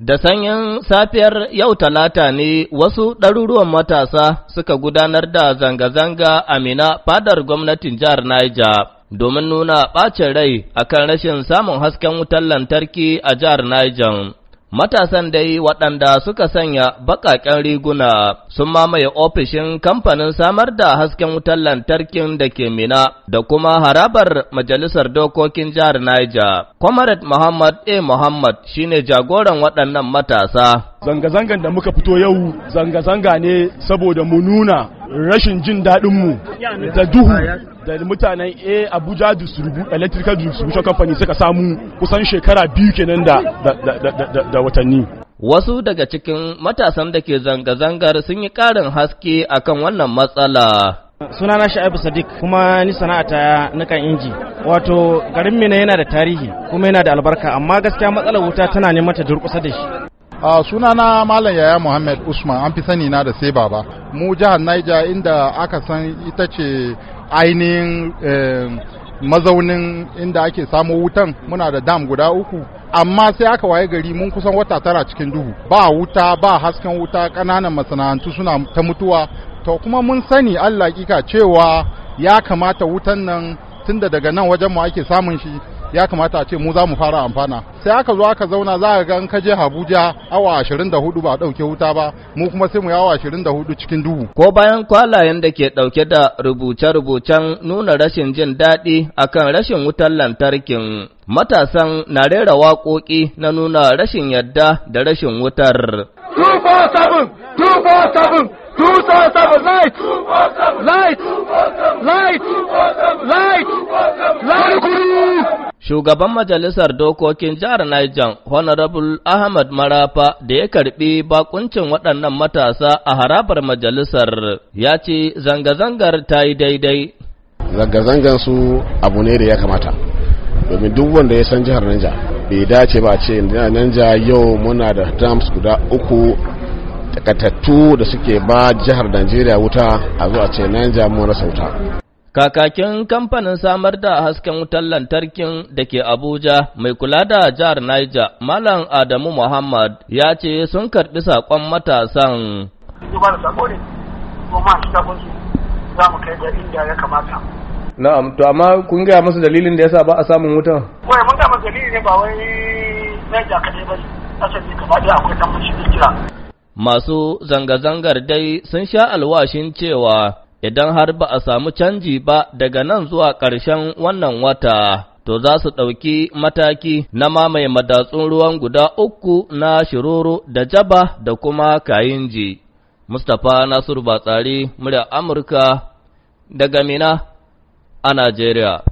Da sanyin safiyar yau talata ne wasu ɗaruruwan matasa suka gudanar da zanga-zanga a Mina fadar gwamnatin jihar Niger domin nuna ɓacin rai akan rashin samun hasken wutar lantarki a jihar Niger. Matasan dai waɗanda suka sanya baƙaƙen riguna sun mamaye ofishin kamfanin samar da hasken wutar lantarkin da ke mina da kuma harabar majalisar dokokin jihar Niger. Comrade Muhammad A. Muhammad shine jagoran waɗannan matasa. Zanga-zangan da muka fito yau zanga-zanga ne saboda mu nuna rashin jin daɗinmu da duhu da mutanen a abuja distribu electrical distribution company suka samu kusan shekara biyu kenan da, da watanni Wasu daga cikin matasan da ke zanga-zangar sun yi karin haske akan wannan matsala. Sunana Sha'ibu Sadiq kuma ni sana'ata na kan inji. Wato garin Mina yana da tarihi kuma yana da albarka amma gaskiya matsalar wuta tana neman mata durkusa da shi. A sunana Malam Yaya Muhammad Usman an fi sani na da sai baba. Mu jihar Niger inda aka san ita ce ainihin eh, mazaunin inda ake samo wutan muna da dam guda uku amma sai aka waye gari mun kusan wata tara cikin duhu ba wuta ba hasken wuta ƙananan masana'antu suna ta mutuwa to kuma mun sani allah cewa ya kamata wutan nan tunda daga nan wajen mu ake samun shi ya kamata a ce mu za mu fara amfana sai aka zo aka zauna za ka ga kaje ka je Abuja awa 24 ba dauke wuta ba mu kuma sai mu yi awa 24 cikin duhu ko bayan kwalayen da ke dauke da rubuce-rubucen nuna rashin jin daɗi akan rashin wutar lantarkin matasan na rera waƙoƙi na nuna rashin yadda da rashin wutar 247 247 247 Shugaban Majalisar Dokokin Jihar Niger, Honorable Ahmad Marafa, da ya karbi bakuncin waɗannan matasa a harabar majalisar, ya ce zanga-zangar ta yi daidai. zanga zangar su abu ne da ya kamata, domin duk wanda ya san jihar Niger, bai dace ba ce Niger yau muna da dams guda uku takatattu da suke ba jihar Najeriya wuta a zuwa ce Niger mun rasa wuta. Kakakin kamfanin samar da hasken wutar lantarkin da ke Abuja mai kula da jihar Niger, Malam Adamu Muhammad ya ce sun karɓi saƙon matasan. za mu kai ya kamata. Na'am, to amma kun gaya musu dalilin da sa ba a samun wutan? Wai mun gaya musu dalilin ne ba wai Niger kaɗai ba ne, asali gaba ɗaya akwai tambaci kira. Masu zanga-zangar dai sun sha alwashin cewa idan har ba a samu canji ba daga nan zuwa ƙarshen wannan wata. To za su ɗauki mataki na mamaye madatsun ruwan guda uku na shiroro da jaba da kuma kayinji. Mustapha Nasiru Batsari, murya Amurka, daga Mina a Najeriya.